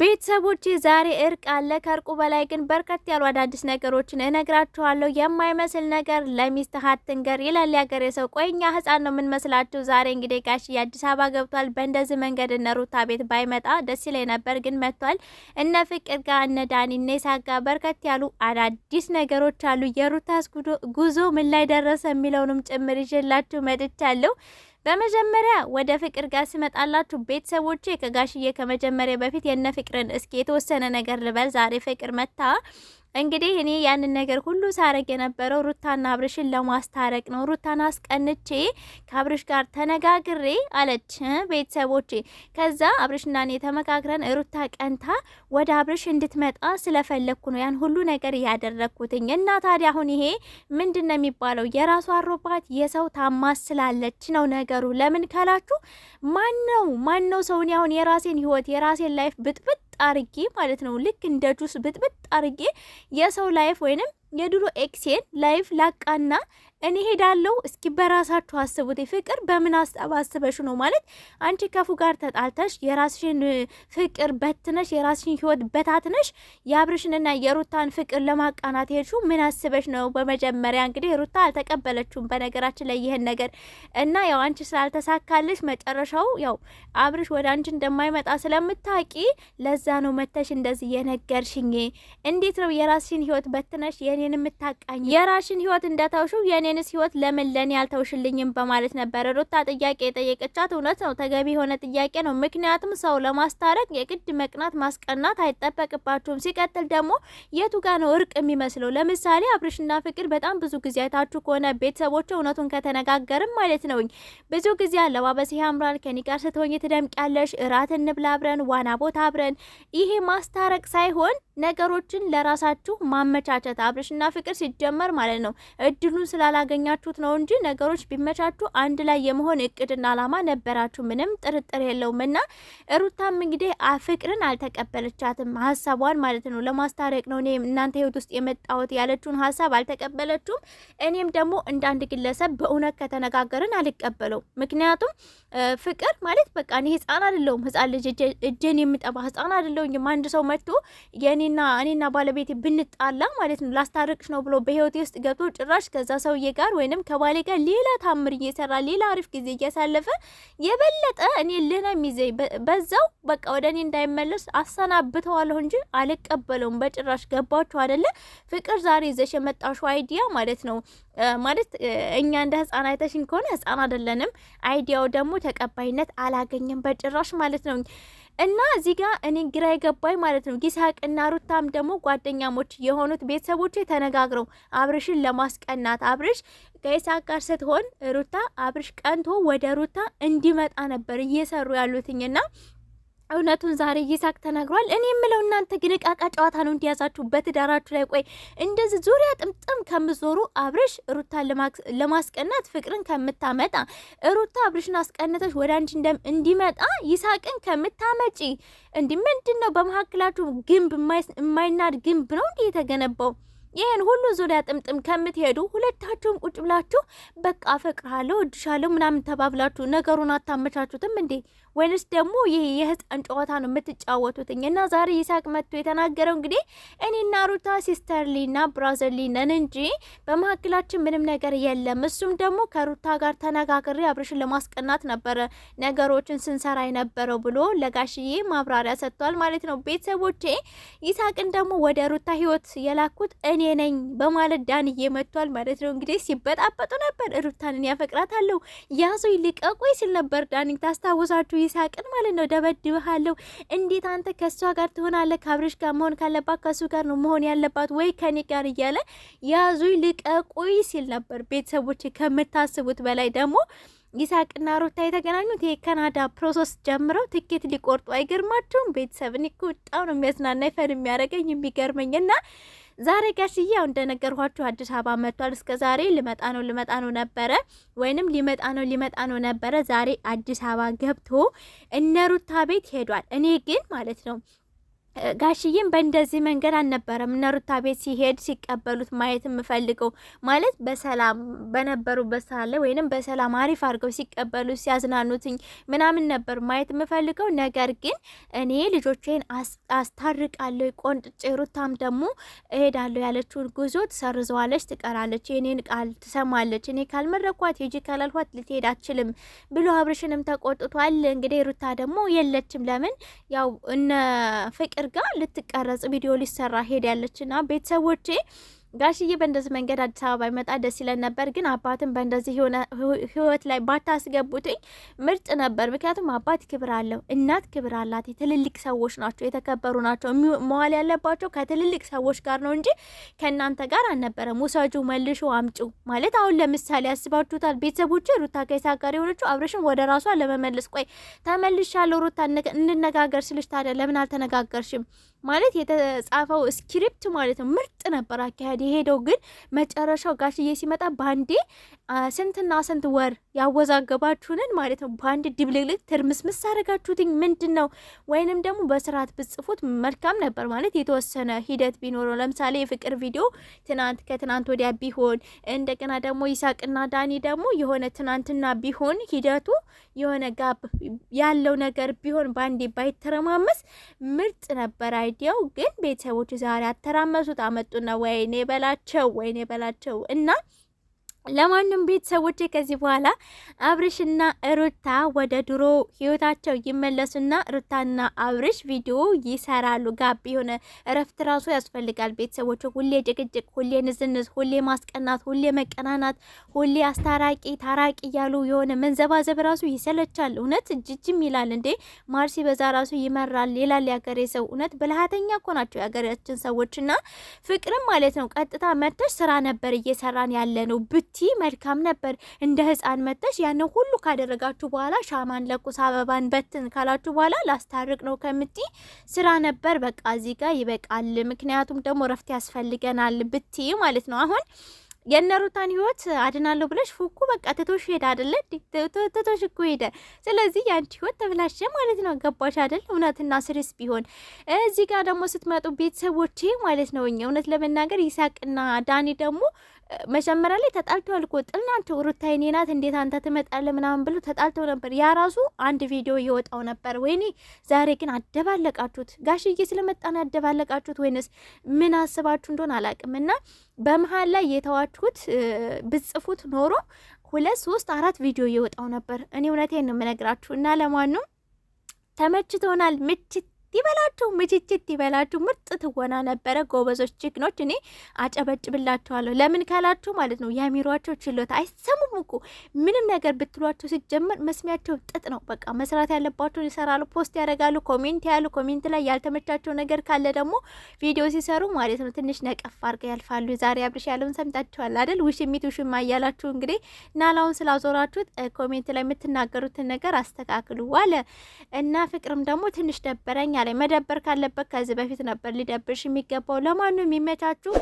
ቤተሰቦች ዛሬ እርቅ አለ። ከእርቁ በላይ ግን በርከት ያሉ አዳዲስ ነገሮችን እነግራችኋለሁ። የማይመስል ነገር ለሚስት ሀትንገር ይላል ያገሬ ሰው። ቆይኛ ህፃን ነው የምንመስላችሁ። ዛሬ እንግዲህ ጋሽ የአዲስ አበባ ገብቷል። በእንደዚህ መንገድ እነ ሩታ ቤት ባይመጣ ደስ ይለኝ ነበር፣ ግን መጥቷል። እነ ፍቅር ጋር እነ ዳኒ እነ ሳጋ በርከት ያሉ አዳዲስ ነገሮች አሉ። የሩታስ ጉዞ ምን ላይ ደረሰ የሚለውንም ጭምር ይዤላችሁ መጥቻለሁ። በመጀመሪያ ወደ ፍቅር ጋር ሲመጣላችሁ ቤተሰቦቼ ከጋሽዬ ከመጀመሪያ በፊት የነ ፍቅርን እስኪ የተወሰነ ነገር ልበል። ዛሬ ፍቅር መታ እንግዲህ እኔ ያንን ነገር ሁሉ ሳረግ የነበረው ሩታና አብርሽን ለማስታረቅ ነው። ሩታን አስቀንቼ ከአብርሽ ጋር ተነጋግሬ አለች ቤተሰቦቼ። ከዛ አብርሽና እኔ ተመካክረን ሩታ ቀንታ ወደ አብርሽ እንድትመጣ ስለፈለግኩ ነው ያን ሁሉ ነገር ያደረግኩትኝ። እና ታዲያ አሁን ይሄ ምንድን ነው የሚባለው? የራሱ አሮባት የሰው ታማስ ስላለች ነው ነገሩ። ለምን ካላችሁ ማን ነው ማን ነው ሰውን ያሁን የራሴን ህይወት የራሴን ላይፍ ብጥብጥ አርጌ ማለት ነው ልክ እንደ ጁስ ብጥብጥ አርጌ የሰው ላይፍ ወይንም የድሮ ኤክሴን ላይፍ ላቃና እኔ ሄዳለሁ። እስኪ በራሳችሁ አስቡት። ፍቅር በምን አስበሽ ነው ማለት አንቺ ከፉ ጋር ተጣልተሽ የራስሽን ፍቅር በትነሽ የራስሽን ህይወት በታትነሽ የአብርሽንና የሩታን ፍቅር ለማቃናት ሄድሹ ምን አስበሽ ነው? በመጀመሪያ እንግዲህ ሩታ አልተቀበለችውም በነገራችን ላይ ይህን ነገር እና ያው አንቺ ስላልተሳካልሽ መጨረሻው ያው አብርሽ ወደ አንቺ እንደማይመጣ ስለምታቂ ለዛ ነው መተሽ እንደዚህ የነገርሽኝ። እንዴት ነው የራስሽን ህይወት በትነሽ የኔን የምታቃኝ? የራስሽን ህይወት እንደታውሽው የኔ የኔንስ ህይወት ለምን ለኔ ያልተውሽልኝም በማለት ነበረ ሩታ ጥያቄ የጠየቀቻት። እውነት ነው፣ ተገቢ የሆነ ጥያቄ ነው። ምክንያቱም ሰው ለማስታረቅ የግድ መቅናት ማስቀናት አይጠበቅባቸውም ሲቀጥል ደግሞ የቱ ጋ ነው እርቅ የሚመስለው? ለምሳሌ አብርሽና ፍቅር በጣም ብዙ ጊዜ አይታችሁ ከሆነ ቤተሰቦች እውነቱን ከተነጋገርም ማለት ነው ብዙ ጊዜ አለባበስ ያምራል፣ ከኔ ጋር ስትሆኝ ትደምቅ ያለሽ፣ እራት እንብላ አብረን፣ ዋና ቦታ አብረን። ይሄ ማስታረቅ ሳይሆን ነገሮችን ለራሳችሁ ማመቻቸት አብርሽና ፍቅር ሲጀመር ማለት ነው እድሉን ስላላገኛችሁት ነው እንጂ ነገሮች ቢመቻችሁ አንድ ላይ የመሆን እቅድና አላማ ነበራችሁ፣ ምንም ጥርጥር የለውም። እና ሩታም እንግዲህ ፍቅርን አልተቀበለቻትም፣ ሀሳቧን ማለት ነው ለማስታረቅ ነው እኔ እናንተ ህይወት ውስጥ የመጣሁት ያለችውን ሀሳብ አልተቀበለችውም። እኔም ደግሞ እንዳንድ ግለሰብ በእውነት ከተነጋገርን አልቀበለው። ምክንያቱም ፍቅር ማለት በቃ እኔ ህጻን አይደለሁም፣ ህጻን ልጅ እጄን የሚጠባ ህጻን አይደለሁም። አንድ ሰው መጥቶ የኔ እኔና እኔና ባለቤቴ ብንጣላ ማለት ነው ላስታርቅሽ ነው ብሎ በህይወቴ ውስጥ ገብቶ ጭራሽ ከዛ ሰውዬ ጋር ወይንም ከባሌ ጋር ሌላ ታምር እየሰራ ሌላ አሪፍ ጊዜ እያሳለፈ የበለጠ እኔ ልህነ ሚዘኝ በዛው በቃ ወደ እኔ እንዳይመለስ አሰናብተዋለሁ እንጂ አልቀበለውም በጭራሽ። ገባችሁ አይደለ? ፍቅር ዛሬ ይዘሽ የመጣሽው አይዲያ ማለት ነው ማለት እኛ እንደ ህፃን አይተሽን ከሆነ ህፃን አይደለንም። አይዲያው ደግሞ ተቀባይነት አላገኘም በጭራሽ ማለት ነው። እና እዚህ ጋር እኔ ግራ የገባኝ ማለት ነው ይስሐቅና ሩታም ደግሞ ጓደኛሞች የሆኑት ቤተሰቦች ተነጋግረው አብርሽን ለማስቀናት አብርሽ ከይስሐቅ ጋር ስትሆን ሩታ አብርሽ ቀንቶ ወደ ሩታ እንዲመጣ ነበር እየሰሩ ያሉትኝና እውነቱን ዛሬ ይሳቅ ተናግሯል። እኔ የምለው እናንተ ግን እቃቃ ጨዋታ ነው እንዲያዛችሁ በትዳራችሁ ላይ። ቆይ እንደዚህ ዙሪያ ጥምጥም ከምዞሩ አብርሽ ሩታን ለማስቀናት ፍቅርን ከምታመጣ ሩታ አብርሽን አስቀነተች ወደ አንቺ እንዲመጣ ይሳቅን ከምታመጪ እንዲህ ምንድን ነው በመካከላችሁ ግንብ የማይናድ ግንብ ነው እንዲህ የተገነባው? ይህን ሁሉ ዙሪያ ጥምጥም ከምትሄዱ ሁለታችሁም ቁጭ ብላችሁ በቃ አፈቅርሃለሁ፣ እድሻለሁ ምናምን ተባብላችሁ ነገሩን አታመቻቹትም እንዴ? ወይንስ ደግሞ ይህ የህፃን ጨዋታ ነው የምትጫወቱትኝ? እና ዛሬ ይሳቅ መጥቶ የተናገረው እንግዲህ እኔና ሩታ ሲስተርሊና ብራዘርሊ ነን እንጂ በመካከላችን ምንም ነገር የለም። እሱም ደግሞ ከሩታ ጋር ተነጋግሬ አብርሽን ለማስቀናት ነበረ ነገሮችን ስንሰራ የነበረው ብሎ ለጋሽዬ ማብራሪያ ሰጥቷል ማለት ነው። ቤተሰቦቼ ይሳቅን ደግሞ ወደ ሩታ ህይወት የላኩት እኔ ነኝ በማለት ዳንዬ መጥቷል ማለት ነው። እንግዲህ ሲበጣበጡ ነበር። ሩታንን ያፈቅራታለሁ ያዙ ይልቀቁኝ ሲል ነበር ዳኒ ታስታውሳችሁ፣ ይሳቅን ማለት ነው። ደበድብሃለሁ፣ እንዴት አንተ ከእሷ ጋር ትሆናለህ? ከብሪሽ ጋር መሆን ካለባት ከእሱ ጋር ነው መሆን ያለባት ወይ ከኔ ጋር እያለ ያዙ ይልቀቁኝ ሲል ነበር። ቤተሰቦች ከምታስቡት በላይ ደግሞ ይሳቅና ሩታ የተገናኙት የካናዳ ፕሮሰስ ጀምረው ትኬት ሊቆርጡ አይገርማቸውም? ቤተሰብን እኮ በጣም ነው የሚያዝናና ፈን የሚያደርገኝ የሚገርመኝ እና ዛሬ ጋሽዬ ያው እንደነገርኳችሁ አዲስ አበባ መጥቷል። እስከ ዛሬ ልመጣ ነው ልመጣ ነው ነበረ ወይንም ሊመጣ ነው ሊመጣ ነው ነበረ። ዛሬ አዲስ አበባ ገብቶ እነ ሩታ ቤት ሄዷል። እኔ ግን ማለት ነው ጋሽዬም በእንደዚህ መንገድ አልነበረም እነ ሩታ ቤት ሲሄድ ሲቀበሉት ማየት የምፈልገው ማለት በሰላም በነበሩበት ሳለ ወይንም በሰላም አሪፍ አድርገው ሲቀበሉት ሲያዝናኑትኝ ምናምን ነበር ማየት የምፈልገው። ነገር ግን እኔ ልጆቼን አስታርቃለሁ፣ ቆንጥጬ ሩታም ደግሞ እሄዳለሁ ያለችውን ጉዞ ትሰርዘዋለች፣ ትቀራለች፣ የኔን ቃል ትሰማለች። እኔ ካልመረኳት ሂጂ ካላልኋት ልትሄድ አችልም ብሎ አብርሽንም ተቆጥቷል። እንግዲህ ሩታ ደግሞ የለችም። ለምን ያው እነ ፍቅር ጋር ልትቀረጽ ቪዲዮ ሊሰራ ሄዳለች ና ቤተሰቦቼ ጋሽዬ በእንደዚህ መንገድ አዲስ አበባ ይመጣ ደስ ይለን ነበር፣ ግን አባትን በእንደዚህ ህይወት ላይ ባታስገቡትኝ ምርጥ ነበር። ምክንያቱም አባት ክብር አለው፣ እናት ክብር አላት። ትልልቅ ሰዎች ናቸው፣ የተከበሩ ናቸው። መዋል ያለባቸው ከትልልቅ ሰዎች ጋር ነው እንጂ ከእናንተ ጋር አልነበረም። ውሰጁ፣ መልሹ፣ አምጩ ማለት አሁን ለምሳሌ ያስባችሁታል። ቤተሰቦች ሩታ ከይሳ ጋር የሆነችው አብረሽን ወደ ራሷ ለመመለስ ቆይ ተመልሻለሁ ሩታ እንነጋገር ስልሽ ታዲያ ለምን አልተነጋገርሽም? ማለት የተጻፈው ስክሪፕት ማለት ነው። ምርጥ ነበር አካሄድ የሄደው። ግን መጨረሻው ጋሽዬ ሲመጣ ባንዴ ስንትና ስንት ወር ያወዛገባችሁንን ማለት ነው በአንድ ድብልቅልቅ ትርምስምስ አደረጋችሁትኝ። ምንድን ነው ወይንም ደግሞ በስርዓት ብጽፉት መልካም ነበር ማለት የተወሰነ ሂደት ቢኖረው ለምሳሌ የፍቅር ቪዲዮ ትናንት ከትናንት ወዲያ ቢሆን እንደገና ደግሞ ይሳቅና ዳኒ ደግሞ የሆነ ትናንትና ቢሆን ሂደቱ የሆነ ጋብ ያለው ነገር ቢሆን በአንዴ ባይተረማመስ ምርጥ ነበር አይ ቪዲዮው ግን ቤተሰቦች ዛሬ አተራመሱት አመጡና ወይኔ በላቸው ወይኔ በላቸው እና ለማንም ቤተሰቦቼ ከዚህ በኋላ አብርሽና ሩታ ወደ ድሮ ህይወታቸው ይመለሱና ሩታና አብርሽ ቪዲዮ ይሰራሉ። ጋብ የሆነ እረፍት ራሱ ያስፈልጋል። ቤተሰቦች ሁሌ ጭቅጭቅ፣ ሁሌ ንዝንዝ፣ ሁሌ ማስቀናት፣ ሁሌ መቀናናት፣ ሁሌ አስታራቂ ታራቂ እያሉ የሆነ መንዘባዘብ ራሱ ይሰለቻል። እውነት እጅጅም ይላል እንዴ ማርሲ በዛ ራሱ ይመራል ይላል ያገሬ ሰው። እውነት ብልሃተኛ እኮ ናቸው ያገሬያችን ሰዎችና ፍቅርም ማለት ነው። ቀጥታ መጥተሽ ስራ ነበር እየሰራን ያለ ነው ብት ብቲ መልካም ነበር። እንደ ህፃን መተሽ ያን ሁሉ ካደረጋችሁ በኋላ ሻማን ለኩስ አበባን በትን ካላችሁ በኋላ ላስታርቅ ነው ከምቲ ስራ ነበር። በቃ እዚህ ጋር ይበቃል። ምክንያቱም ደግሞ ረፍት ያስፈልገናል ብቲ ማለት ነው አሁን የነሩታን ህይወት አድናለሁ ብለሽ ፉኩ በቃ ትቶሽ ሄደ አደለ? ትቶሽ እኮ ሄደ። ስለዚህ ያንቺ ህይወት ተብላሸ ማለት ነው። ገባሽ አደል? እውነትና ስርስ ቢሆን እዚህ ጋር ደግሞ ስትመጡ ቤተሰቦቼ ማለት ነው እኛ እውነት ለመናገር ይሳቅና ዳኒ ደግሞ መጀመሪያ ላይ ተጣልተዋል እኮ ጥል ናቸው። ሩታ የኔ ናት እንዴት አንተ ትመጣለ ምናምን ብሎ ተጣልተው ነበር። ያ ራሱ አንድ ቪዲዮ እየወጣው ነበር። ወይኔ ዛሬ ግን አደባለቃችሁት። ጋሽዬ ስለመጣን ያደባለቃችሁት ወይንስ ምን አስባችሁ እንደሆነ አላቅም። እና በመሀል ላይ የተዋችሁት ብጽፉት ኖሮ ሁለት ሶስት አራት ቪዲዮ እየወጣው ነበር። እኔ እውነቴን ነው የምነግራችሁ። እና ለማንም ተመችቶናል ምችት ይበላችሁ ምችችት ይበላችሁ። ምርጥ ትወና ነበረ። ጎበዞች፣ ጀግኖች። እኔ አጨበጭብላችኋለሁ። ለምን ካላችሁ ማለት ነው የሚሯቸው ችሎታ አይሰሙም እኮ ምንም ነገር ብትሏቸው፣ ሲጀመር መስሚያቸው ጥጥ ነው። በቃ መስራት ያለባቸውን ይሰራሉ፣ ፖስት ያደርጋሉ፣ ኮሜንት ያሉ ኮሜንት ላይ ያልተመቻቸው ነገር ካለ ደግሞ ቪዲዮ ሲሰሩ ማለት ነው ትንሽ ነቀፍ አድርገው ያልፋሉ። ዛሬ አብርሽ ያለውን ሰምታችኋል አይደል? ውሽሚት ውሽ እያላችሁ እንግዲህ ናላውን ስላዞራችሁት ኮሜንት ላይ የምትናገሩትን ነገር አስተካክሉ አለ እና ፍቅርም ደግሞ ትንሽ ደበረኝ ላይ መደበር ካለበት ከዚህ በፊት ነበር ሊደብርሽ የሚገባው። ለማንም የሚመቻችሁ